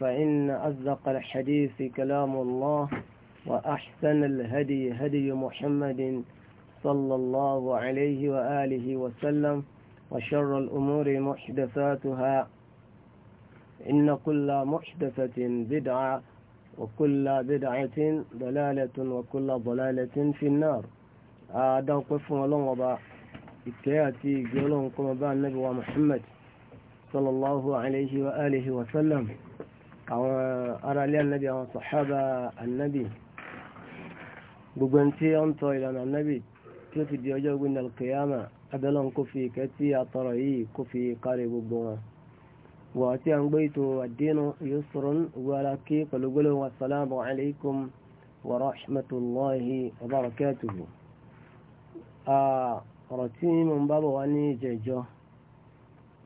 فإن أصدق الحديث كلام الله وأحسن الهدي هدي محمد صلى الله عليه وآله وسلم وشر الأمور محدثاتها إن كل محدثة بدعة وكل بدعة ضلالة وكل ضلالة في النار آدم قف ولنغضا إكياتي قولون قمبان نبوى محمد صلى الله عليه وآله وسلم àwọn ará ilé ànábì àwọn sàhábà ànábì gbogbo ẹni tí ó ń tọ ìlànà ànábì tí ó fi di ọjọ́ gbẹ̀ndà kìyàmà abẹ́lọ́n kó fi ìkẹ́ tí a tọrọ yìí kó fi kárí gbogbo wọn wọ́n tí a ń gbé ètò ad-dinu yusrun wàrà kí pẹ̀lú gbólóhùn assalamu alaikum wa rahmatullahi wa barakatuhu ọ̀rọ̀ tí mo ń bábọ̀ wá ní ìjẹ́jọ́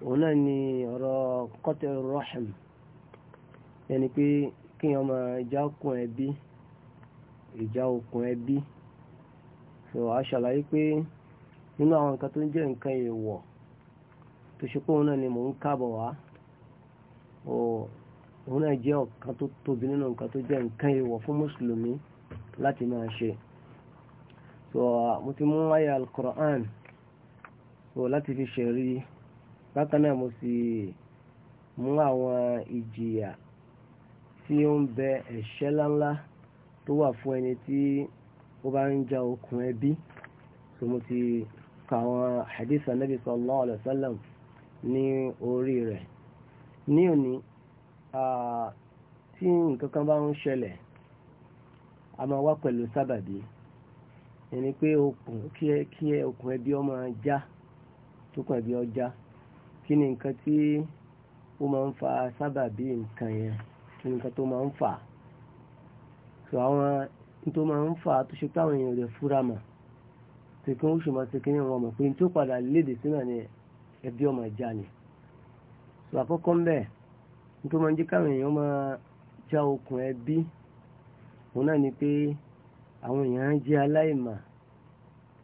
òun náà ni ọ̀rọ̀ qat'ir rahim ẹni pé kí wọ́n máa já okùn ẹbí ìjà okùn ẹbí so a ṣàlàyé pé nínú àwọn nǹkan tó ń jẹ́ nǹkan èèwọ̀ tó ṣe pé òun náà ni mò ń kábọ̀ wá òun náà jẹ́ ọ̀kan tó tóbi nínú nǹkan tó jẹ́ nǹkan èèwọ̀ fún mùsùlùmí láti máa ṣe so mo ti mú ayé al-Qur'an so láti fi ṣẹ̀rí bákan náà mo sì mú àwọn ìjìyà tí ó ń bẹ ẹ̀ṣẹ̀ láńlá tó wà fún ẹni tí ó bá ń ja okùn ẹbí tó mo ti ka àwọn hadith anabi sallallahu alayhi wa sallam ní orí rẹ̀ ní òní tí nǹkan kan bá ń ṣẹlẹ̀ a máa wá pẹ̀lú sábàbí ẹni pé okùn kí ẹ kí ẹ okùn ẹbí ọmọ já tókùn ẹbí ọjà kí ni nǹkan tí ó máa ń fa sábàbí nǹkan yẹn kí ni nǹkan tó máa ń fà á tó àwọn tó máa ń fà á tó ṣe pé àwọn èèyàn rẹ̀ fúra mà pé kí wọ́n ṣe máa ṣe kí ni wọn mọ̀ pé tó padà léde sínú àná ẹbí ọmọ ìjà ni tó àkọ́kọ́ ń bẹ̀ tó máa ń jẹ́ káwọn èèyàn máa já okùn ẹbí òun náà ni pé àwọn èèyàn jẹ́ aláìmà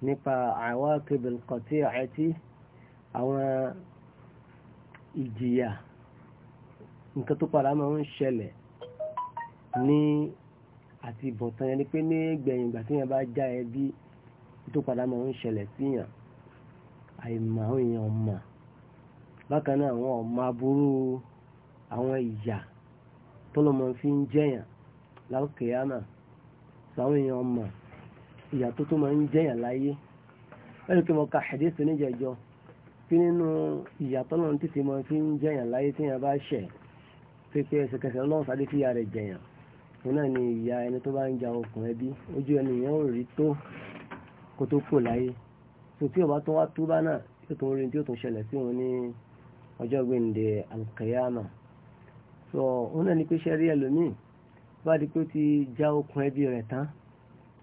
nípa àwọn akébẹ̀lùkọ̀tì àti àwọn ìjìyà nǹkan tó padà máa ń ṣẹlẹ̀ ní àti ìbọ̀tán yẹn ni pé ní gbẹ̀yìn ìgbà tí yẹn bá já ẹbí tó padà máa ń ṣẹlẹ̀ síyàn àìmọ̀ àwọn èèyàn ọmọ bákan náà àwọn ọmọ aburú àwọn ìyà tọ́lọ́mọ fi ń jẹ́yàn lákèámà sàwọn èèyàn ọmọ ìyà tó tó máa ń jẹ́yàn láyé ẹni pé mo ka hadith níjẹ̀jọ́ kí nínú ìyà tọ́lọ́mọ títí máa fi ń jẹ́yàn láyé tí yẹn bá ṣẹ̀ pépé ẹsẹ̀kẹsẹ̀ ọlọ́run sáré fìyà rẹ̀ jẹ̀yàn òun náà ni ìyá ẹni tó bá ń ja okùn ẹbí ojú ẹni yẹn ò rí tó kó tó kò láyé tó tí ọba tó wá tú bá náà yóò tó ń rí tí yóò tó ṣẹlẹ̀ sí òun ní ọjọ́ gbèǹde alkayama so òun náà ni pé ṣẹ́rí ẹlòmíì bá di pé ó ti já okùn ẹbí rẹ̀ tán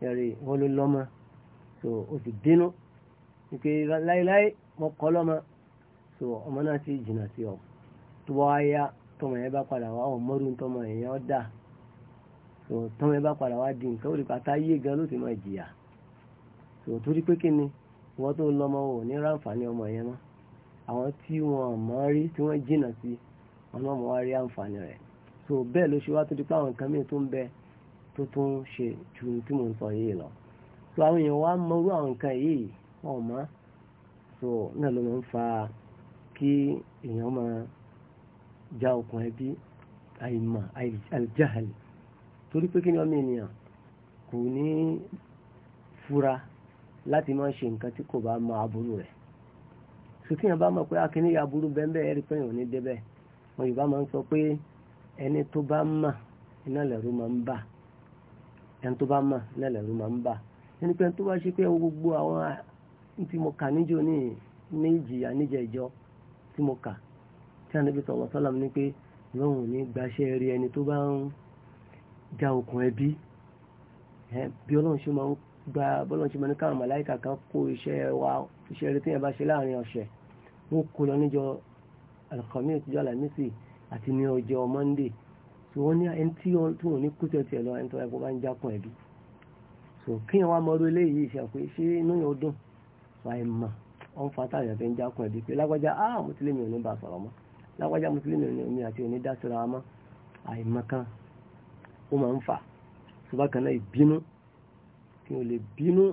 ẹ̀rí wọ́n ló lọ́mọ so ó ti bínú wípé láéláé mo kọ́ lọ́mọ so ọmọ náà ti jìnnà sí ọ tó wáá yá tọmọ yẹn bá padà wá ọ̀ mọ́rú tọmọ yẹn ọ́ dà so tọmọ yẹn bá padà wá di nǹkan ó rí pátá yé gan ló ti máa jìyà so torí pé kí ni wọ́n tó lọ́mọ ò ní ráǹfààní ọmọ yẹn mọ́ àwọn tí wọ́n mọ̀ rí tí wọ́n jìnà sí ọ̀nà ọmọ wa rí àǹfààní rẹ̀ so bẹ́ẹ̀ ló ṣe wá tó di pé àwọn nǹkan mìíràn tó ń bẹ tó tún ṣe ju tí mò ń sọ yìí lọ so àwọn èèyàn wá mọrú àwọn nǹkan yìí wọn so náà ló máa ń fa kí èèyàn máa já okùn ẹbí àìmọ̀ àìjáhàlì torí pé kí ni ọmọ ènìyàn kò ní fura láti máa ṣe nǹkan tí kò bá mọ aburú rẹ̀ sùtì yẹn bá mọ̀ pé akíní ah, aburú bẹ́ẹ̀ ẹ̀rí pé èèyàn ní débẹ̀ wọn Yorùbá máa ń sọ pé ẹni tó bá mà iná lẹ̀rú máa ń bà ẹni tó bá mà iná lẹ̀rú máa ń bà ẹni pé tó bá ṣe pé gbogbo àwọn ah, tí mo kà níjó ní ìjìyà níjẹ ìjọ tí mo kà tí ànábì sallallahu alaihi wasallam ní pé lọ́hùn ní gbaṣẹ́ rí ẹni tó bá ń já okùn ẹbí bí ọlọ́run ṣe máa ń gba bọ́lọ́run ṣe máa ní káwọn màláìkà kan kó iṣẹ́ wa iṣẹ́ rí téèyàn bá ṣe láàrin ọ̀sẹ̀ wọ́n kó lọ níjọ alkhamis ìjọ alamisi àti ní ọjọ́ monday tí wọ́n ní ẹni tí wọ́n ní kútẹ́ tiẹ̀ lọ ẹni tó ẹ̀kọ́ bá ń jákun ẹ̀bí so kíyàn wá mọ́rú eléyìí ìṣàpè ṣé inú yóò dùn wáyé mọ́ ọ̀n fatah yẹn fẹ́ ń jákun ẹ̀bí ah mo ti lé mi lágbájá mùsùlùmí ni omi àti òní dásíra wa mọ́ àìmọ̀kan ó máa ń fà ṣùgbọ́n kan náà ìbínú kí o lè bínú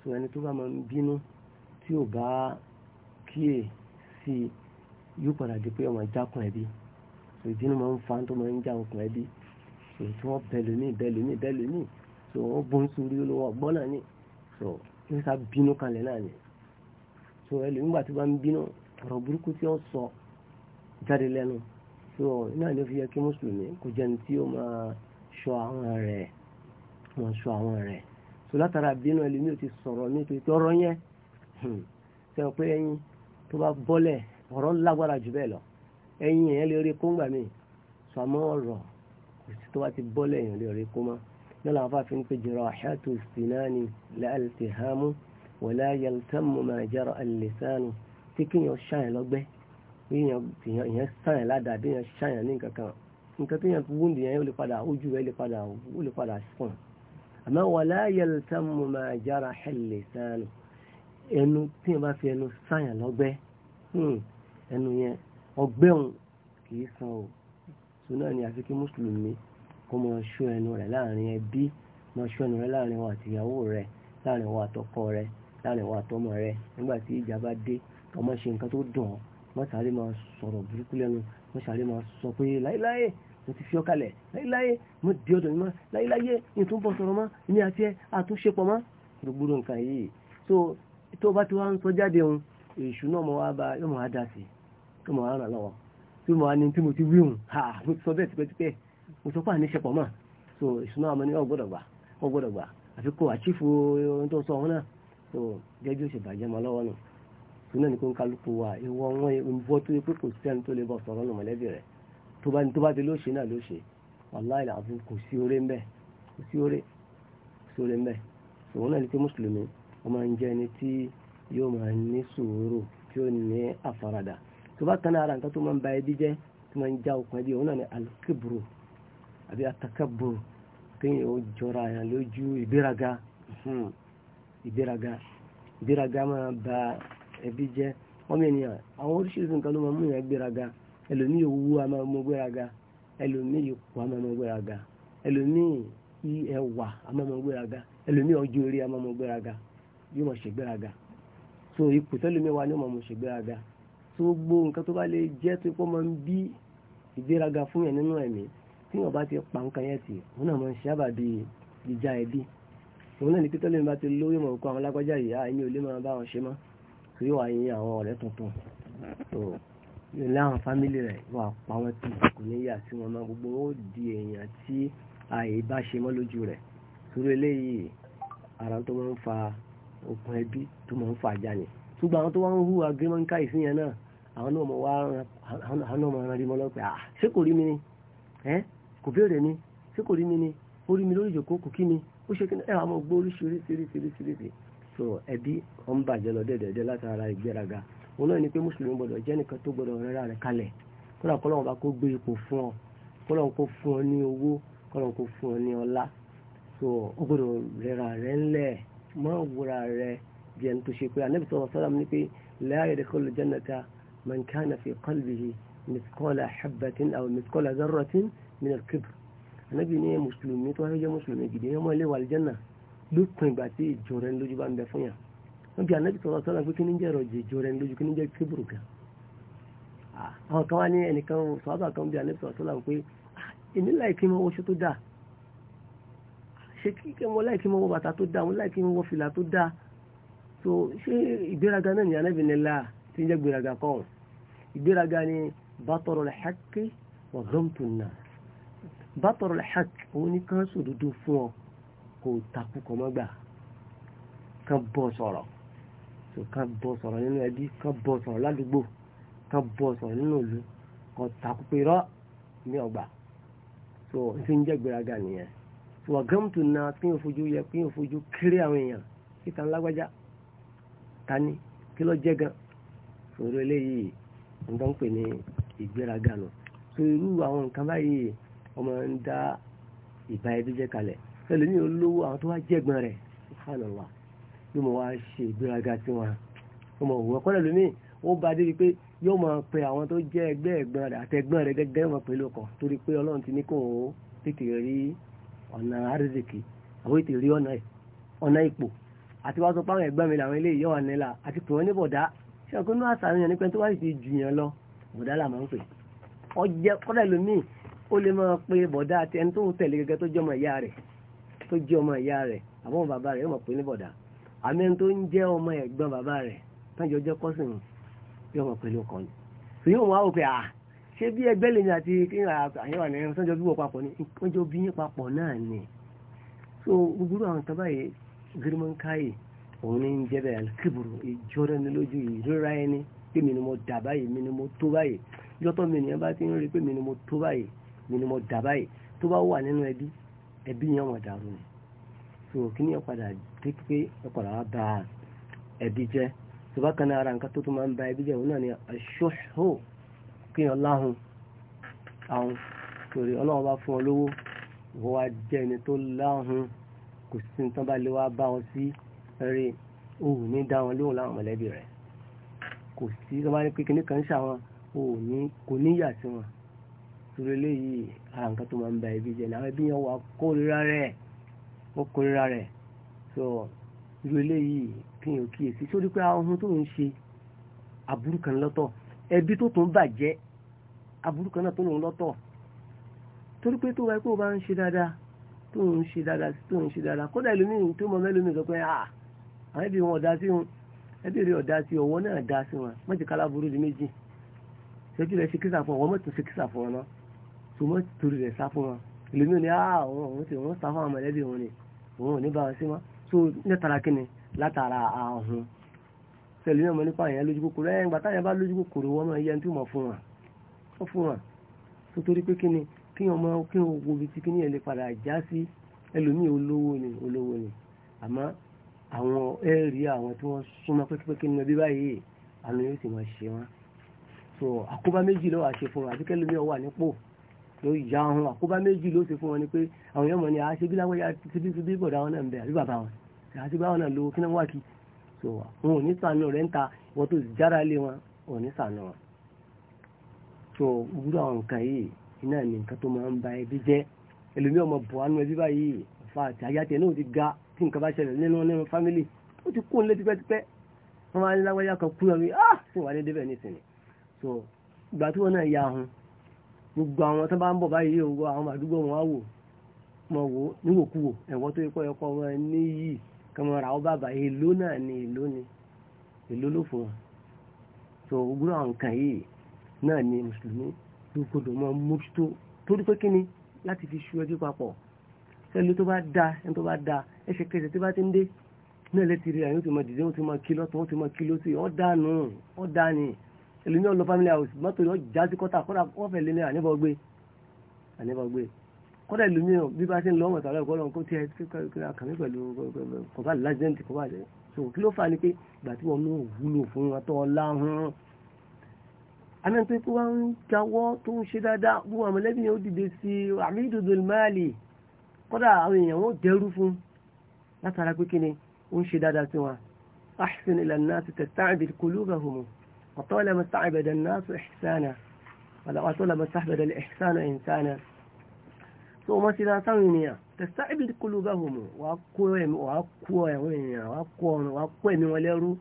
sọ ẹni tó bá máa ń bínú tí ò bá kíyè sí yóò padà di pé ọmọ ìjákùn ẹbí sọ ìbínú máa ń fa tó máa ń já okùn ẹbí sọ tí wọ́n bẹ̀lú mí bẹ̀lú mí bẹ̀lú mí sọ wọ́n bó sórí olówó ọgbọ́n náà ni sọ yóò sá bínú kalẹ̀ náà ni sọ ẹlòmígbà tó bá ń bínú ọ̀rọ̀ burúkú tí wọ́n sọ. So, jáde lẹ́nu so náà ló fi yẹ kí mùsùlùmí kò jẹ́ ní tí ó máa ṣọ́ àwọn rẹ̀ wọ́n ṣọ́ àwọn rẹ̀ so látara bínú ẹlòmíì ò ti sọ̀rọ̀ ní tòótọ́ ọ̀rọ̀ yẹn hmm. ṣe pé ẹyin tó bá bọ́lẹ̀ ọ̀rọ̀ lágbára jù bẹ́ẹ̀ lọ ẹyin yẹn lè rí kóńgbà míì sọ àmọ́ ọ̀rọ̀ kò sí tó bá ti bọ́lẹ̀ yẹn lè rí kó mọ́ nílò àwọn afáfin pé jirahatu sinani la'altihamu wala yaltamu ma jara tí kíyàn ṣàyàn lọ́gbẹ́ èèyàn sàyàn ládàá bí èèyàn sàyàn ní nǹkan kan nǹkan tó yàn fi wúndì yẹn ó lè padà ojú rẹ̀ lè padà ó lè padà sùn àmọ́ wà láàyè tá mo máa jára hẹ̀lẹ̀ sàánù ẹnu tí yẹn bá fi ẹnu sàyàn lọ́gbẹ́ hmm, ẹnu yẹn ọgbẹ́ òun kì í san o sùnà ni àfi kí mùsùlùmí kó máa ṣọ́ ẹnu rẹ̀ láàrin ẹbí máa ṣọ́ ẹnu rẹ̀ láàrin wa àtìyàwó rẹ̀ láàrin wa àtọkọ rẹ̀ láàrin wa àtọmọ rẹ̀ nígbà tí ìjà bá dé ọmọ ṣe nǹkan tó dùn ọ́ mọ́sàárì máa sọ̀rọ̀ burúkú lẹ́nu mọ́sàárì máa sọ pé láíláí mo ti fi ọ́ kalẹ̀ láíláí mo di ọ̀dọ̀ mi mọ́ láíláí ìtún bọ̀ sọ̀rọ̀ mọ́ ní àti ẹ àtúnṣe pọ̀ mọ́ gbogbo nǹkan yìí so tó bá ti wá ń sọ jáde òun èṣù náà mo wá ba yóò mọ̀ á dà sí yóò mọ̀ á ràn lọ́wọ́ tí mo wá ní tí mo ti wí hùn ha mo ti sọ bẹ́ẹ̀ tipẹ́tipẹ́ mo sọ pé àníṣe pọ̀ mọ́ so èṣù náà ni ní ọgbọ́dọ̀ gbà ọgbọ́dọ̀ gbà àfikún àchífù ohun tó sọ ọ̀hún náà so jẹ́jú ṣèbàjẹ́ mọ́ lọ́wọ́ náà tó ni ní kó ń kálukú wa ìwọ wọn ìwọ tó yẹ pé kò sẹ́ni tó lè bọ̀ sọ̀rọ̀ nù mọ̀lẹ́bí rẹ̀ tó bá ní tó bá ti lóṣè náà lóṣè wàláì làbí kò sí oore ńbẹ kò sí oore kò sí oore ńbẹ òun náà ní pé mùsùlùmí wọn máa ń jẹ ẹni tí yóò máa ní sùúrù tí ó ní àfaradà tó bá kan ara nǹkan tó máa ń ba ẹbí jẹ tó máa ń já okùn ẹbí òun náà ní alikiburu àbí atakaburu kéèyàn ó jọra àyàn lójú ìgbéraga hmm. ìgbéraga ìgbéraga máa ba ẹbí jẹ́ ọmọ ènìyàn àwọn oríṣiríṣi nǹkan ló máa mú yẹn gbéraga ẹlòmíì a máa mọ gbéraga ẹlòmíì ipò a máa mọ gbéraga ẹlòmíì ẹwà a máa mọ ẹlòmíì ọjọ́ orí a yóò máa ṣe gbéraga so ipò tẹlòmíì wa ni ó máa mọ ṣe gbéraga so gbogbo nǹkan tó bá lè jẹ́ tó kọ́ máa ń bí ìgbéraga fún yẹn nínú ẹ̀mí tí bá ti pa nǹkan yẹn wọn náà máa ń ṣábà di ìjà ẹbí náà ní bá ti lóyún tó yóò wá yín àwọn ọ̀rẹ́ tuntun tó yóò láwọn fámìlì rẹ̀ wà pa wọ́n tì kò ní yà sí wọn mọ́ gbogbo ó di èèyàn tí àyè bá ṣe mọ́ lójú rẹ̀ torí eléyìí ara tó máa ń fa okùn ẹbí tó máa ń fa ajá ni ṣùgbọ́n àwọn tó wá ń hu agrémọ́ńká ìsìnyẹn náà àwọn náà mọ̀ wá àwọn náà mọ̀ ara rí mọ́ lọ́pẹ́ à ah, ṣé kò rí mi ni ẹ́ kò béèrè mi ṣé kò rí mi ni ó rí mi lórí ìjòkó kò kí mi ó ṣe kí ni ẹ̀ àwọn ọmọ gbó oríṣiríṣiríṣiríṣiríṣi so ẹbí ọ̀n bàjẹ́ lọ dẹ́dẹ́dẹ́ látara ìgbéraga òun náà ni pé mùsùlùmí gbọdọ̀ jẹ́ nìkan tó gbọdọ̀ rẹ́ra rẹ̀ kalẹ̀ kọ́lá kọ́lọ́n bá kó gbé ipò fún ọ kọ́lọ́n kó fún ọ ní owó kọ́lọ́n kó fún ọ ní ọlá so ó gbọdọ̀ rẹ́ra rẹ̀ ńlẹ̀ mọ́ wúra rẹ̀ bí ẹni tó ṣe pé anábì sọ̀rọ̀ sọ́dọ̀ mi ni pé la yadkhulu lópin ìgbà tí ìjọ rẹ lójú bá ń bẹ fún yàn wọn bí anabi sọlá sọlá pé kí ní jẹ ìrọ̀jì ìjọ rẹ lójú kí ní jẹ kébùrù kan àwọn kan wá ní ẹnìkan sọ́ọ́bà kan bí anabi sọlá sọlá pé èmi láìkí mọ oṣù tó dáa ṣe kíkẹ́ mọ láìkí mọ wọ bàtà tó dáa mọ láìkí mọ wọ fìlà tó dáa so ṣé ìgbéraga náà ní anabi nílá tí ń jẹ ìgbéraga kọ́ ìgbéraga ni bàtọ̀rọ̀ lẹ́ hàkí wà gọ́mtùnà bàtọ̀rọ̀ lẹ́ hàkí òun kò takú kọ mọ́ gbà kán bọ́ sọ̀rọ̀ tó kán bọ́ sọ̀rọ̀ nínú ẹbí kán bọ́ sọ̀rọ̀ ládùúgbò kán bọ́ sọ̀rọ̀ nínú ìlú kan takú pé rọ́ ní ọgbà tó n ti ń jẹ́ gbéraga nìyẹn tó wà gámùtù náà kí n fojú yẹ kí n kéré àwọn èèyàn kíta ńlágbájá tani kí ló jẹ́ gan sọ̀rọ̀ eléyìí nǹkan pè ní ìgbéraga nù tó irú àwọn nǹkan báyìí ọmọ ń dá ìbá ẹbí jẹ́ kalẹ̀ ẹlòmíì olówó àwọn tó wá jẹ́gbọ́n rẹ̀ ṣàlọ́wà ló mọ̀ wá ṣe ìgbéraga sí wọn ọmọ òwúrọ̀ kọ́lẹ̀ lómìn ó bá débi pé yóò máa pe àwọn tó jẹ́ ẹgbẹ́ ẹ̀gbọ́n rẹ̀ àtẹ̀gbọ́n rẹ̀ gẹ́gẹ́ wọn pẹ̀lú ọkọ̀ torí pé ọlọ́run ti ní kó o tètè rí ọ̀nà àrísìkì àwọn ètè rí ọ̀nà ipò àti wá sọ pé àwọn ẹ̀gbọ́n mi làwọn eléyìí yọ̀ wà nílà àti pè wọ́n ní bọ̀dá ṣé ọkùnrin náà sàríyàn nípa tó jẹ́ ọmọ ìyá rẹ̀ àbọ̀n bàbá rẹ̀ yóò mọ̀ pé ní bọ̀dà àmì ẹni tó ń jẹ́ ọmọ ẹ̀gbọ́n bàbá rẹ̀ tájọ jẹ́ kọ́sìn yóò mọ̀ pé ló kọ́ ni so yóò wá wò pé à ah, ṣé bí ẹgbẹ́ lèmi àti àyẹ̀wò ní ẹ̀rọ bí wọ́n papọ̀ ni wọ́n jọ bí yín papọ̀ náà ni so gbogbo àwọn tó báyìí gírímọ̀nkáyì òun ní ń jẹ́ bẹ́ẹ̀ alikiburu ìjọ́rẹ́ ni lójú ìrora ẹni pé mi ni mo dà báyìí mi ni mo tó báyìí yọ́tọ̀ ẹbí yẹn wọ̀n dàrú ni so kí ni ẹ padà dé pé ẹ padà wá bá ẹbí jẹ́ tó bá kan ara nǹkan tó tó máa ń ba ẹbí jẹ́ òun náà ni aṣọ́ṣọ́ kí yẹn láhùn àwọn torí ọlọ́run bá fún ọ lówó wọ́n wá jẹ́ ẹni tó láhùn kò sí tán bá lè wá bá wọn sí rí òun ní dá wọn lóhùn láwọn mọ̀lẹ́bí rẹ̀ kò sí tán bá ní pé kíní kan ṣàwọn òun ní kò níyà sí wọn torí eléyìí ara nǹkan tó máa ń ba ẹbí jẹ ní àwọn ẹbí yẹn wà kórira rẹ̀ ó kórira rẹ̀ so irú eléyìí kí n ò kíyèsí sórí pé ohun tó ń ṣe aburú kan lọ́tọ̀ ẹbí tó tún bàjẹ́ aburú kan náà tó ń lọ́tọ̀ torí pé tó wáyé pé o bá ń ṣe dáadáa tó ń ṣe dáadáa tó ń ṣe dáadáa kódà ẹlòmíì tó mọ mẹ́lòmíì sọ pé ah àwọn ẹbí wọn ọ̀dá sí wọn ẹbí rẹ ọ̀dá sí ọwọ́ náà dá sí wọn mọ̀jẹ̀ká aláburú di méjì ṣẹ́jú rẹ ṣe kísà fún ọwọ́ mọ̀tún ṣe kísà fún ọ náà sùmọ́ torí rẹ̀ sá fún wọn ìlúmi ò ní ah, àwọn òun ti wọ́n sá fún àwọn mọ̀lẹ́bí òun ni òun ò ní bá wọn sí wọn so nítara kíni látara ahun sẹ́lẹ̀ ní ọmọ nípa àyàn lójú kòkòrò ẹ̀ ńgbà táyà bá lójú kòkòrò wọn máa yẹ ẹni tí wọ́n fún wọn wọ́n fún wọn so torí pé kíni kí wọn máa kí wọn wo ibi tí kíni ẹ̀ lè padà já sí ẹlòmíì olówó ni olówó ni àmọ́ àwọn ẹ̀rí àwọn tí wọ́n súnmọ́ pẹ́kípẹ́kí nínú ẹbí báyìí àná yóò sì máa ṣe wọn so àkóbá méjì lọ́wọ́ àṣe àbíkẹ́lómi ọwọ́ ànípò ló ya ọ̀hún àkóbá méjì ló ṣe fún wọn ni pé àwọn èèyàn mọ̀ ni àṣẹ ah, bí láwọn ti bí bí bọ̀dá wọn náà ń bẹ àbí bàbá wọn ah, àṣẹ bá wọn náà lo kí náà wà kí so wọn ò ní sànù rẹ̀ ń ta wọn tó jára lé wọn ò ní sànù wọn. so wúrọ̀ àwọn nǹkan yìí iná ní nǹkan tó máa ń ba ẹbí jẹ́ ẹlòmíì ọmọ bọ̀ ánú ẹbí báyìí fa àti àyà tẹ̀ náà ti ga tí nǹkan bá ṣẹlẹ̀ nínú nínú fámìlì ó ti kún létí pẹ́tipẹ́ wọ́n máa ń ah sì wà ní débẹ̀ nísìnyí so ìgbà tí wọ́n náà ya ahun gbogbo àwọn tó bá ń bọ̀ báyìí o àwọn àdúgbò wọn á wò mọ̀ wò níwòkuwò ẹ̀wọ́ tó ikọ́ ẹ̀kọ́ wọn ní yìí kẹmọ́ra ọ bàbá èlò náà ni èlò ni èlò ló fún wọn tó gbúrò àwọn nǹkan yìí náà ni mùsùlùmí ló gbọdọ̀ mọ mójútó torí pé kíni láti fi ṣú ẹbí papọ̀ ẹlò tó bá da ẹni tó bá da ẹsẹ̀ kẹsẹ̀ tó bá ti ń dé náà lẹ́tìrì àyè ó ti mọ dìde ó ti mọ kí lọ́tún ó ti mọ kí lọ́tún ó dànù ó dànù ẹlòmíì ọ̀nà family house mọ́tò yọ jáde kọ́tà kọ́tà wọ́n fẹ́ lé ní àníbọ̀ gbé àníbọ̀ gbé kọ́tà ẹlòmíì bí bá ṣe ń lọ ọmọ ìtàlẹ́ ọ̀gọ́ lọ́n kó tiẹ̀ kàmí pẹ̀lú kọ̀bá lájẹ́ǹtì kọ́bá rẹ̀ so kí ló fà ní pé ìgbà tí wọn náà wúlò fún wọn tó ọlá hàn àmì pé kí wọ́n ń jáwọ́ tó ń ṣe dáadáa gbogbo àmọ̀lẹ́bí yẹn ó dìde sí àmì ìdòdò máàlì kọ́dà àwọn èèyàn wọn dẹrú fún látara pé kí ni ó ń ṣe dáadáa sí wọn ahsin ila an-nas tasta'dil qulubahum وطالما استعبد الناس إحسانا وطالما استعبد الإحسان إنسانا ثم سيدا سوينيا تستعبد قلوبهم وأقوى وأقوى وأقوى وأقوى من وليرو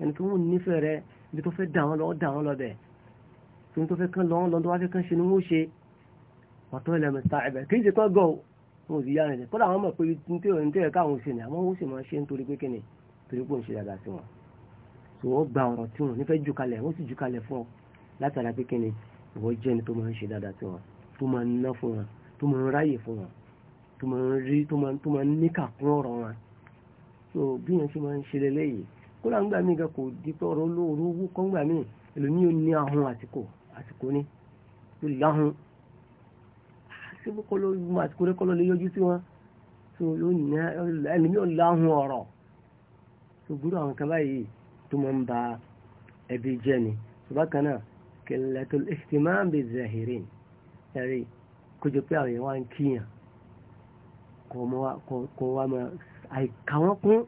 يعني كم نفر بتوفى دعوة لو دعوة لو ده ثم توفى كان لون لون دوافى كان شنو موشي وطالما استعبد كيف يكون جو mo sì yára ẹ̀ kọ́lá àwọn ọmọ pé ní tí ò ń tẹ̀ káwọn ṣe ni àwọn ó sì máa ṣe nítorí pé kíni torí pé ń ṣe dáadáa sí wọn so wọ́n gba ọ̀rọ̀ tí wọn nífẹ̀ẹ́ jù kalẹ̀ wọ́n sì jù kalẹ̀ fún ọ látara pé kí ni ìwọ jẹ́ ni tó máa ń ṣe dáadáa tí wọn tó máa ń ná fún wọn tó máa ń ráyè fún wọn tó máa ń rí tó máa ń níkà kún ọ̀rọ̀ wọn so bí wọn ṣe máa ń ṣe lélẹ́yìí kódà ńgbà mí gan kò di pé ọ̀rọ̀ olóoru owó kan gbà mí ẹlòmíì ò ní ahun àsìkò àsìkò ni tó láhun síbí kọ́lọ́ àsìkò rẹ kọ́lọ́ lè yọjú sí wọn so ẹlòmíì ò láhun ọ̀rọ̀ so gbúdọ̀ àwọn kan báyìí tó máa ń ba ẹbí jẹ́ ni bákan náà qillatul ihtimam biz-zahirin ẹ̀rí kójú pé àwọn èèyàn wá ń kíyàn kò wá mọ àìkà wọn kún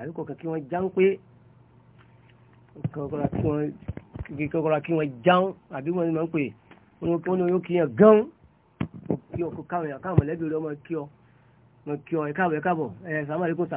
àbí kò kàn kí wọ́n já ń pé kọ́kọ́rọ́ kí wọ́n já ń àbí wọ́n máa ń pè wọ́n ní oyún kíyàn gan kí ọkọ̀ káwọn èèyàn mọ̀lẹ́bí rẹ̀ ọmọ kí ọ mọ̀ kí ẹ̀ sàmàlíkùn sà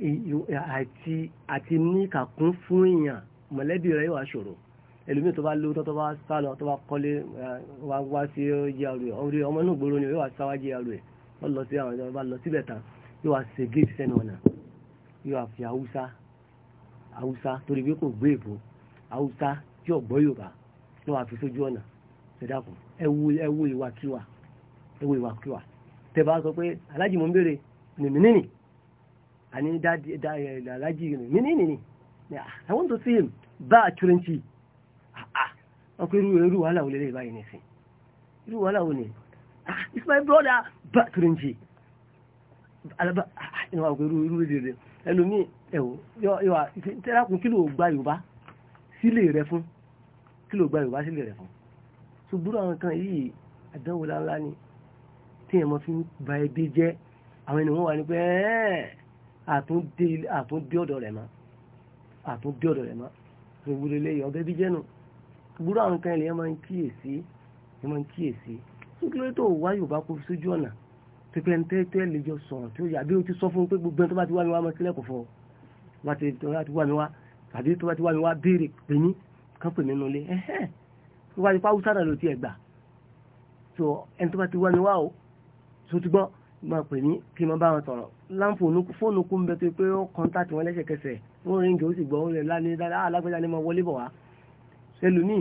àti àti ní kàkún fún èèyàn mọ̀lẹ́bí rẹ̀ yóò ṣòro ẹlòmíì tó bá lówó tó bá sá tó bá kọ́lé wá sí yíya rẹ̀ orí ọmọ inú gbòòrò ni yóò wá sá wá yíya rẹ̀ wọ́n lọ sí àwọn ìjọba bá lọ síbẹ̀ tán yóò wá ṣe géètì sẹ́nu ọ̀nà yóò wá fi haúsá haúsá torí pé kò gbé èbó haúsá tí ò gbọ́ yorùbá ló wá fi sójú ọ̀nà ṣẹ̀dákùn ẹ wo ẹ wo ìwàkiwà ẹ wo ìwàkiwà tẹ bá sọ pé alájì ń béèrè nìmínìmí ani dadi da lalaji ne ne ne ne i want to see him ba a turanci ah ok irú irú wàhálà wo lélẹ́yìn báyìí nìsín irú wàhálà wo ni ah it's my brother ba a turanci alaba ah inú wa irú irú rẹ̀ rẹ̀ ẹlòmíì ẹ̀wọ̀ yọ tẹ́lákùn kí ló gba yorùbá sílé rẹ̀ fún kí ló gba yorùbá sílé rẹ̀ fún ṣùgbọ́n àwọn kan yìí àdánwò láńlá ni tí èèyàn mọ́ fi ń ba ẹbí jẹ́ àwọn ènìyàn wà ní pé ẹ́ẹ́ àtúndé ọ̀dọ̀ rẹ̀ mọ́ àtúndé ọ̀dọ̀ rẹ̀ mọ́ ìwúrò ilé ọ̀gẹ́ bí jẹ́nu gbúrò àwọn kan ilẹ̀ máa ń kíyèsí ẹ máa ń kíyèsí sókè lórí tó wá yorùbá kó sójú ọ̀nà pípẹ́ ń tẹ́tẹ́ lè jọ sọ̀rọ̀ tó yà bí o ti sọ fún pé gbogbo ẹni tó bá ti wá mi wá máa kílẹ̀kùn fún ọ bá ti wá mi wá tàbí tó bá ti wá mi wá béèrè pè mí kán pè mí nínú ilé ẹ̀hẹ́n tó bá ti pa haúsá náà ló ti ẹ̀ gbà tó ẹni tó bá ti wá mi wá o tó ti gbọ́ láǹfóònù fóònù kún bẹ tó pé ó kọ́ńtàtì wọn lẹ́sẹ̀kẹsẹ̀ wọ́n ríngì ó sì gbọ́ wọn lè lánìí dáadáa alágbèjà ah, ni mo wọlé bọ̀ wá ẹlòmíì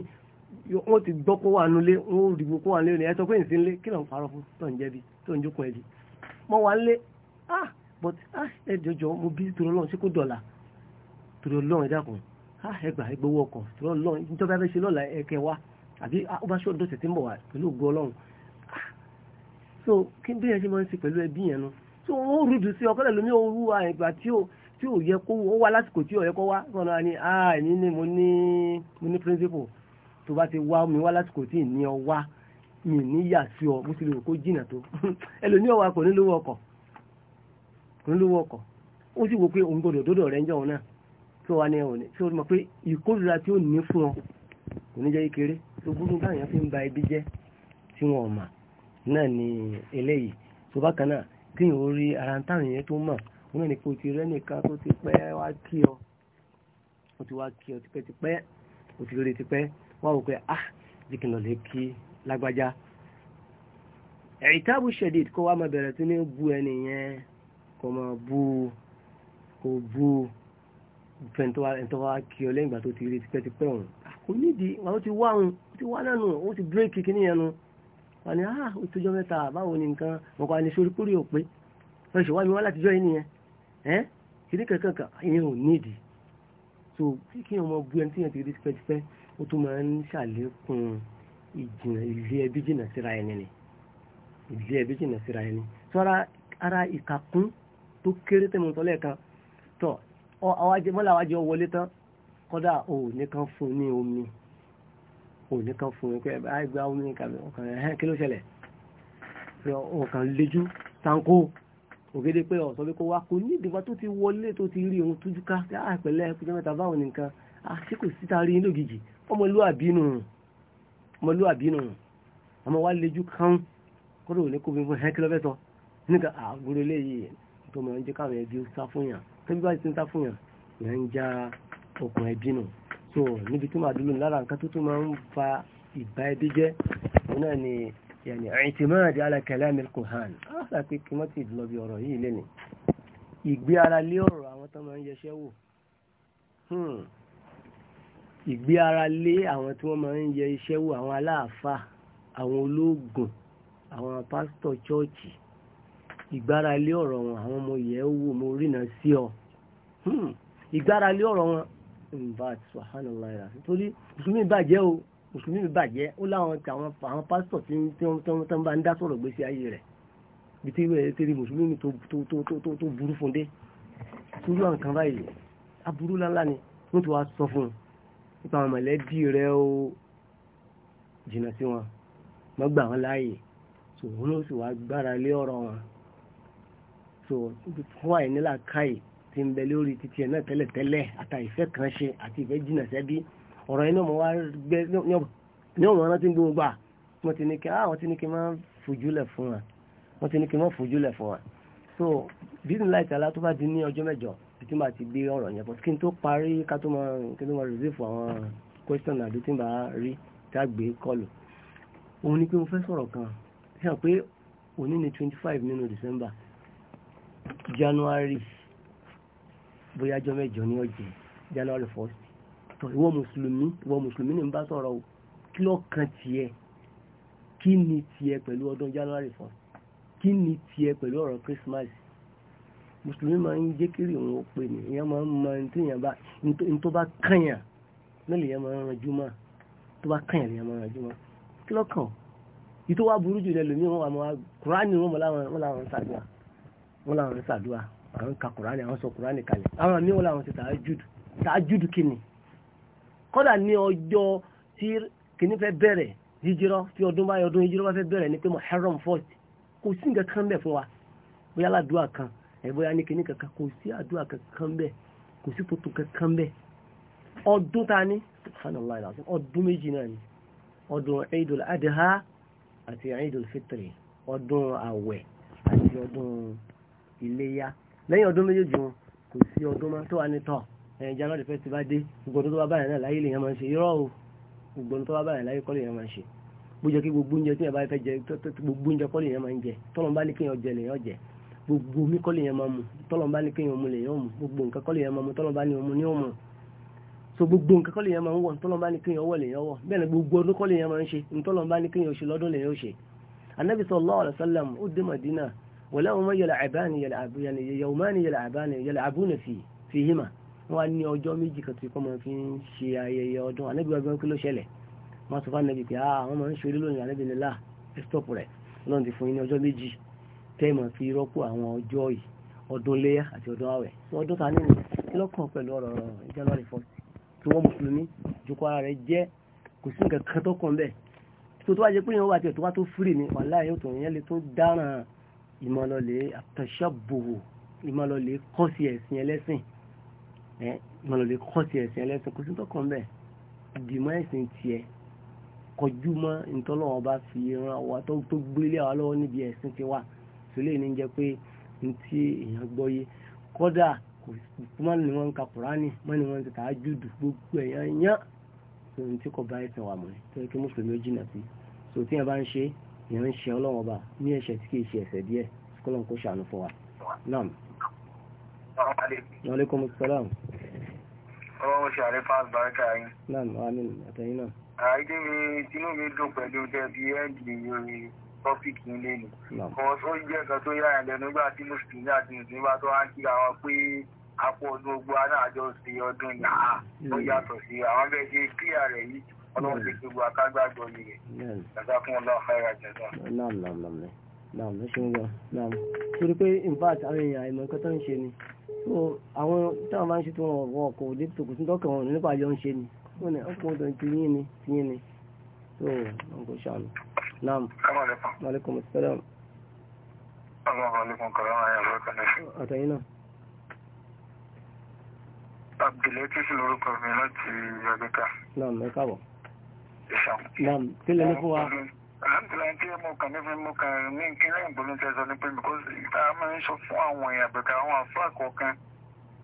wọ́n ti gbọ́ kó wà nulẹ̀ wọ́n ò dìbò kó wà nulẹ̀ ẹ̀ sọ pé ǹsí ńlẹ̀ kí ló ń parọ́ fún tó ń jẹ́bi tó ń jókòó ẹ̀bi mo wà ńlẹ̀ ah but ah ẹ jọjọ mo bí tòrọ lọ́n ṣé kó dọ̀là tòrọ lọ́n ẹ dákun ah ẹgbà ẹgbowó ọkọ̀ tòrọ lọ́n níjọba ẹ fẹ́ ṣe lọ́la ẹ kẹwa àbí ah, ó bá ṣọ́ ah, so kí bí ẹ ṣe máa ń ṣe pẹ̀lú tí wọ́n rúdù sí ọkọ lẹ́lómi ò wú àìgbà tí ò tí ò yẹ kó ó wá lásìkò tí ò yẹ kó wá kọ́nà ni àìní ni mo ní mo ní principle tó bá ti wá mi wá lásìkò tí ì ní ọ wá mi níyà sí ọ bó ti lè kó jìnà tó ẹlòmíì ọwà kò ní lówó ọkọ kò ní lówó ọkọ ó sì wò pé òun gbọ́dọ̀ dọdọ rẹ ń jọ òun náà tí ó ní ẹwọn tí ó mọ pé ìkórira tí ó ní fún ọ kò ní jẹ kékeré tó gbúdú báyọ̀ fi ń ba ibi jẹ́ tí wọn ò mà náà ni eléyìí tó bákan náà kí n ò rí ara ń táwọn èèyàn tó mọ̀ wọn náà ní pé o ti rẹ́ nìkan tó ti pẹ́ wá kí ọ o ti wá kí ọ tipẹ́tipẹ́ o ti rí tipẹ́ wá wò pé ah jẹ́ kí n lọ lè kí lágbájá ẹ̀ẹ́tàbù ṣẹ̀dìd kó wá máa bẹ̀rẹ̀ tí ní bú ẹni yẹn kó máa bú kó bú fẹ́ntọ́wá kí ọ lẹ́yìn ìgbà tó ti rí tipẹ́tipẹ́ òun ah, kò nídìí wọn ti wá òun ti wá náà ó ti bírèkì kíní yẹn nu wà ní ah òtújọ́ mẹ́ta báwo ni nǹkan wọn kọ́ àní sórí kúrì òpé ṣe wá mi wá láti jọ́ ẹni yẹn kìíní kankan kan ìyẹn ò nídìí so kí wọn mọ bu ẹni tí yẹn ti rí tipẹ́tipẹ́ ó tún máa ń ṣàlékún ìjìnà ilé ẹbí jìnà síra ẹni ni ilé ẹbí jìnà síra ẹni tó ara ìkàkún tó kéré tẹ̀mọ̀ tọ́lẹ̀ kan tọ́ ọ àwọn ajẹmọ́lá àwọn ajẹ wọlé tán kọ́dà ò ní fún ní omi òní kan fún mi pé àìgbà omi nìkan ọkàn ẹ̀hẹ́n kí ló ṣẹlẹ̀ ọkàn lejú tanko ògede pé ọ̀sọ́ bí kò wá kò ní ìdìbò tó ti wọlé tó ti rí ohun tójú ká àpẹẹlẹ ah, ẹkùnjẹ mẹ́ta báwọn nìkan àṣìkò ah, síta rí lógìjì ọmọlúàbínú ọmọlúàbínú àmọ́ wá lejú kán kọ́dọ̀ òní kó mi fún ẹ̀hẹ́n kí ló fẹ́ sọ nígbà àgbòrò ah, eléyìí tó máa ń jẹ́ káwọn ẹbí sá fún yàn tó bí bá ti sá fún yàn ìyẹn ń já okùn ẹbí nù so níbi tó máa dúró lára nǹkan tó tó máa ń fa ìbá ẹbí jẹ́ òun náà ni yàní i'timad ala kalam al-kuhan ọ́sà ah, pé kí wọ́n ti lọ bí ọ̀rọ̀ yìí lẹ́nu ìgbé ara lé ọ̀rọ̀ àwọn tó máa ń yẹṣẹ́ wò hmm. ìgbé ara lé àwọn tí wọ́n máa ń yẹ iṣẹ́ wò àwọn aláàfáà àwọn olóògùn àwọn pásítọ̀ chọ́ọ̀chì ìgbára lé ọ̀rọ̀ wọn àwọn ọmọ yẹ̀ wò mo rìnà sí ọ hmm. ìgbára lé ọ̀rọ̀ wọn invert subhanallah ìràsí torí mùsùlùmí bàjẹ́ o mùsùlùmí bàjẹ́ ó láwọn àwọn pásítọ̀ tí wọ́n bá ń dá sọ̀rọ̀ gbèsè ayé rẹ̀ bí tí wọ́n ti rí mùsùlùmí tó burú fún dé torí àwọn kan báyìí aburú lánlá ni wọ́n ti wá sọ fún un nípa àwọn mọ̀lẹ́bí rẹ̀ o jìnnà sí wọn wọ́n gbà wọ́n láàyè tòun sì wá gbára lé ọ̀rọ̀ wọn tó wọ́n wà ní làákàyè ti ń bẹ lórí títí ẹ̀ náà tẹ́lẹ̀tẹ́lẹ̀ àtà ìfẹ́ kan ṣe àti ìfẹ́ jìnà sẹ́bí ọ̀rọ̀ yẹn náà mo wá gbé ní ọmọ rántí gbogbo gbà wọ́n ti ní kí ah wọ́n ti ní kí máa fojúlẹ̀ fún wa wọ́n ti ní kí máa fojúlẹ̀ fún wa so business láì ala tó bá di ní ọjọ́ mẹ́jọ tí màá ti gbé ọ̀rọ̀ yẹn but kí n tó parí ká tó máa kí n tó máa receive àwọn question àbí tí n bá rí tá gbé kọlù òun ni pé mo fẹ́ sọ̀rọ̀ kan ṣe pé òní ni twenty five nínú December January bóyá ọjọ́ mẹ́jọ ní ọjẹ́ january first tó ìwọ mùsùlùmí ìwọ mùsùlùmí ni ń bá sọ̀rọ̀ o kí ló kan tiẹ̀ kí ni tiẹ̀ pẹ̀lú ọdún january first kí ni tiẹ̀ pẹ̀lú ọ̀rọ̀ christmas mùsùlùmí máa ń jẹ́ kiri òun ó pè ní ìyẹn máa ń mọ ní tíyẹn bá ní tó bá kànyàn náà lè yẹn máa ń ranjú mọ́ tó bá kànyàn lè yẹn máa ń ranjú mọ́ kí ló kàn yìí tó wá burú jù lẹ́lòmíì wọn wà mọ́ kúránì wọn làwọn ń ṣàdúrà wọn làwọn ń ṣàdúrà àwọn ka kùránì àwọn sọ kùránì kalẹ̀ àwọn míì wọ́n làwọn ti tàájúdù tàájúdù kí ni kọ́dà ní ọjọ́ tí kìíní fẹ́ bẹ̀rẹ̀ jíjírọ́ tí ọdún bá ọdún jíjírọ́ bá fẹ́ bẹ̀rẹ̀ ni pé Muharram first kò sí nǹkan kan bẹ̀ fún wa bóyá aládùúà kan ẹ̀ bóyá ní kìíní kankan kò sí àdúrà kankan bẹ̀ kò sí tuntun kankan bẹ̀ ọdún ta ni ọdún méjì náà ni ọdún Eidul Adha àti Eidul Fitri ọdún àwẹ̀ àti ọdún iléyá lẹ́yìn ọdún méjèèjì wọn kò sí ọdún máa tó wà ní tọ̀ ẹ̀ January first bá dé gbogbo tó bá báyìí náà láyé lèèyàn máa ń ṣe irọ́ o gbogbo tó bá báyìí láyé kọ́ lèèyàn máa ń ṣe bó jẹ́ kí gbogbo oúnjẹ tí yẹn fẹ́ jẹ gbogbo oúnjẹ kọ́ lèèyàn máa ń jẹ tọ́lọ́n bá ní kéèyàn jẹ lèèyàn jẹ gbogbo omi kọ́ lèèyàn máa mu tọ́lọ́n bá ní kéèyàn mu lèèyàn mu gbogbo nǹkan kọ́ lèèyàn máa mu tọ́lọ́n bá ní mu ní òmu so gbogbo nǹkan kọ́ lèèyàn máa ń wọ̀ tọ́lọ́n bá ní kéèyàn wọ̀ lèèyàn wọ̀ bẹ́ẹ̀ ni gbogbo ọdún kọ́ lèèyàn máa ń ṣe tọ́lọ́n bá ní kéèyàn ṣe lọ́dún lèèyàn ṣe Ànábì sallallahu alaihi wasallam ó dé Mádínà ولهما يلعبان يلعب يعني يومان يلعبان يلعبون فيه فيهما wọ́n ní ọjọ́ méjì kan tí kò máa fi ń ṣe ayẹyẹ ọdún ànábì wa gbọ́n kí ló ṣẹlẹ̀ wọ́n sọ fún ànábì pé ah wọ́n máa ń ṣeré lónìí ànábì ní là ẹ́sítọ́pù rẹ̀ ọlọ́run ti fún yín ní ọjọ́ méjì tẹ́ ìmọ̀ fi rọ́pò àwọn ọjọ́ yìí ọdún léyà àti ọdún àwẹ̀ ọdún ta nínú lọ́kàn pẹ̀lú ọ̀rọ̀ January 4 tí wọ́n mùsùlùmí jòkó ara rẹ̀ jẹ́ kò sí nǹkan kan tó kàn bẹ́ẹ̀ tó tó wá jẹ́ pé yẹn wà tí ẹ̀ tó wá tó fúrì ni wàhálà yóò tó yẹn lè tó dáràn ìmọ̀lọ́lẹ̀ àtàṣàbòwò ìmọ̀lọ́lẹ̀ kọ́sì ẹ̀sìn ẹlẹ́sìn ẹ̀ ìmọ̀lọ́lẹ̀ kọ́sì ẹ̀sìn ẹlẹ́sìn kò sí tọkàn bẹ́ẹ̀ dìmọ́ ẹ̀sìn tiẹ̀ kọjú mọ́ ntọ́lọ́wọ́ bá fi ran wa tó gbélé wa lọ́wọ́ níbi ẹ̀sìn ti wa sílẹ̀ ní jẹ́ pé ntí èèyàn gbọ́ yé kódà kò mọ́ ni wọ́n ń ka kùránì mọ́ ni wọ́n ń tẹ̀ta ájúdù gbogbo èèyàn yán tó ntí kò bá ẹ̀sìn wa mọ́ tó yẹ kí mùsùlùmí ó jìnnà sí so yẹn bá ń ṣe ìyẹn ń ṣe ọlọ́wọ́n ọba ní ẹ̀ṣẹ̀ tí kìí ṣe ẹ̀ṣẹ̀ díẹ̀ kọ́lọ́n kó ṣàánú fún wa. naam. aleykum salaam. ọlọ́run ṣe àrẹ fáwọn bàrẹ́kà yín. naam amin àtẹ̀yìn náà. àìdí mi tinú mi dùn pẹ̀lú tẹ̀bí ẹ́ǹdì orí tọ́pìkì ilé ni. kọ́sí jẹ́ kan tó yára lẹ́nu nígbà tí mùsùlùmí àti mùsùlùmí bá tó ọlọ́run ti gbogbo akágbàgbọ́ yìí rẹ̀ ẹ̀dá fún ọlọ́run ẹ̀rọ àjẹsà. náà náà náà náà náà ló ṣe ń lọ náà torí pé in fact àwọn èèyàn àìmọ̀ nǹkan tó ń ṣe ni so àwọn táwọn bá tí wọn wọ ọkọ̀ òde tó kù wọn nípa àjọ ń ṣe ni wọn ni ọkùnrin tó ń ti yín ni ti yín ni so wọn kò ṣàlù náà maaleykum salaam. maaleykum salaam ayọ̀ bẹ́ẹ̀ àtẹ̀yìn náà. abdulatif lorúkọ mi láti yàgbẹ́ka. náà mẹ́ka wọ̀. Nam, kí lẹ ní fún wa? Alhamdulilayi tí mo kàn ní mo kàn ní kí lẹ́yìn bolo ń sẹ́sọ ní pé because ìta máa ń sọ fún àwọn èèyàn bẹ̀ka àwọn àfọ́ àkọ́kàn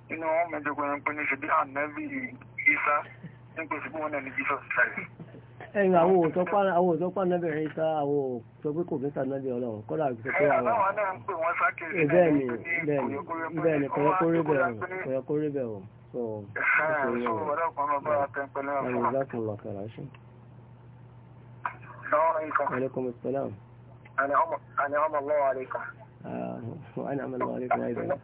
nínú wọn mẹ́jọ pé ní pé ní ṣe bí ànábì Ìsá ní pé síbí wọn náà ní Jesus Christ. Ẹyin àwọn òtọ́pá àwọn òtọ́pá nábì Ìsá àwọn sọ pé kò fẹ́sà nábì Ọlọ́run kọ́dà sọ pé àwọn. Àwọn náà ń pè wọ́n sákèsì. Eh, bẹ́ẹ̀ ni bẹ́ẹ̀ ni kọ̀yọ́kórè bẹ̀ o kọ̀yọ́kórè bẹ̀ o. Ẹ̀ka ẹ̀ السلام عليكم عليكم السلام أنا عم أنا عم الله عليكم آه وأنا عم الله عليكم أيضا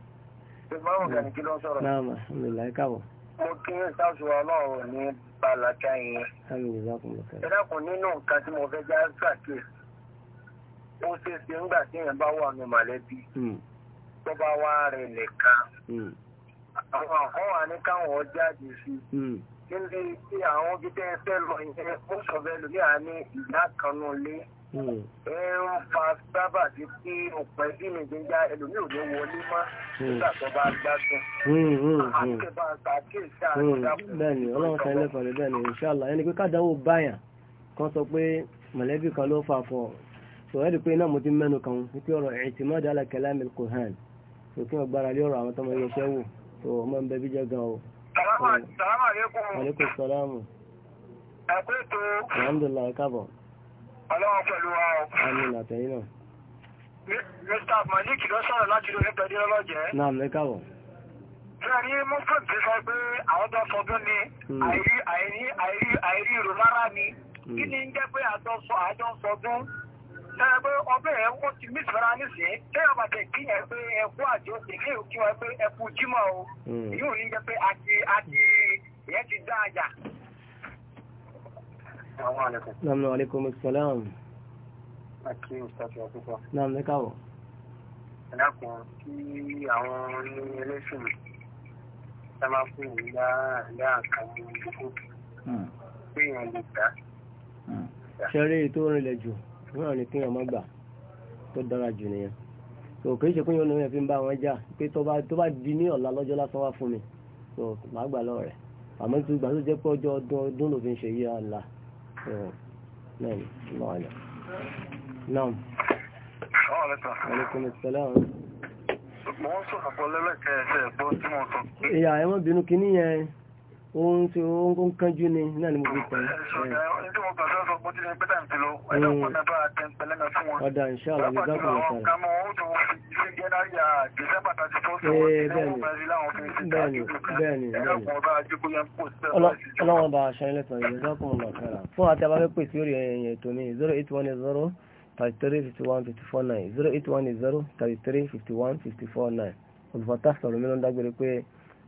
نعم الحمد لله كابو mo kí ń sáàsù ọlọ́run ní balaka yẹn. ẹlẹ́kùn nínú nǹkan tí mo fẹ́ já ṣàkíyèsí ó ṣe é ṣe ńgbà tí èèyàn bá wà ní mọ̀lẹ́bí tó bá wá rẹ̀ nìkan àwọn àkọ́wà ní káwọn jáde sí i níbi tí àwọn jíjẹ́ fẹ́ lọ ìyẹn ó sọ̀bẹ́ lórí àní ìyá kan nù lé hmm. ẹ ń fa sábà tí kí òpẹ́ bí nìgbẹ́jà ẹlòmíì ò ní wọlé mọ́ hmm. nígbà tó bá gbádùn. àkẹ́bà àkàkíyèsí àkàkùn. bẹ́ẹ̀ni ọlọ́run kan lẹ́kọ̀ọ́ rẹ̀ bẹ́ẹ̀ni inṣàlá ẹni pé kádàwó báyà kan sọ pé mọ̀lẹ́bí kan ló fà fọ́ sọ̀rọ̀ ẹ̀rí pé náà mo ti mẹ́nu kan wípé ọ̀rọ̀ ìtìmọ́dé ala kalamil Qur'an sókè ọgbára lé ọ̀rọ̀ àwọn tọmọ iye iṣẹ́ wò tó ọmọ ń bẹ bí jẹ́ gan o. Salamu alaikum. Alaikum salamu. Ẹ kú ètò. Alhamdulillah ẹ káàbọ̀. Ọlọ́run pẹ̀lú wa o. Àmín àtẹ̀yìn náà. Mr. Malik ló sọ̀rọ̀ láti lórí pẹ̀lú ọlọ́jẹ́. Naam ẹ káàbọ̀. Fẹ́ẹ̀rí sọ ni hmm. ẹgbẹ́ ọbẹ̀ ẹ̀ wọ́n ti mí sọ́ra nísìnyí tẹ́yọ̀ bàtẹ̀ kí ẹ pé ẹkú àjọ èké kí wọ́n pé ẹkú jímọ̀ o èyí hmm. ò ní jẹ́ pé àti àti ìyẹn ti dá àjà. Nàmú aleykum salaam. Àti ìsàtì àkókò. Nàmú ẹ káwọ̀. Ẹ̀dàkùn kí àwọn ẹlẹ́sìn ṣe máa fún ìyá ìyá àkàndé ìdókòwò. Pé hmm. èèyàn lè dá. Hmm. Ṣeré ètò orin lẹ̀ jù náà ni kéèyàn má gbà tó dára jù nìyẹn so kì í ṣe kéèyàn onímọ̀ fi ń bá wọn jà pé tó bá di ní ọ̀la lọ́jọ́ lásán wá fún mi so màá gbà lọ́wọ́ rẹ̀ àmọ́ tó gbà tó jẹ́ pé ọjọ́ ọdún ọdún ló fi ń ṣe yí àlà so náà ni náà ni náà. aleykum salaam. mo ń sọ àpọ̀ lẹ́lẹ́kẹ̀ẹ́ ẹ̀ṣẹ̀ gbọ́ tí mo sọ. ìyá ẹ má bínú kínní yẹn òun tí ó ń kánjú ni náà ni mo fi pẹ̀lú. ọ̀dà ìṣàlọ̀ ní dákùn ọ̀tà bẹ́ẹ̀ni bẹ́ẹ̀ni ọlọ́wọ́n bá aṣọ ilẹ̀ tàn ìyẹn dákùn ọ̀tà fún àti abáfẹ́ pèsè orí ẹ̀yìn ètò ní zero eight one zero thirty three fifty one fifty four nine zero eight one zero thirty three fifty one fifty four nine olùfọ̀tà sọ̀rọ̀ mi ló ń dágbére pé.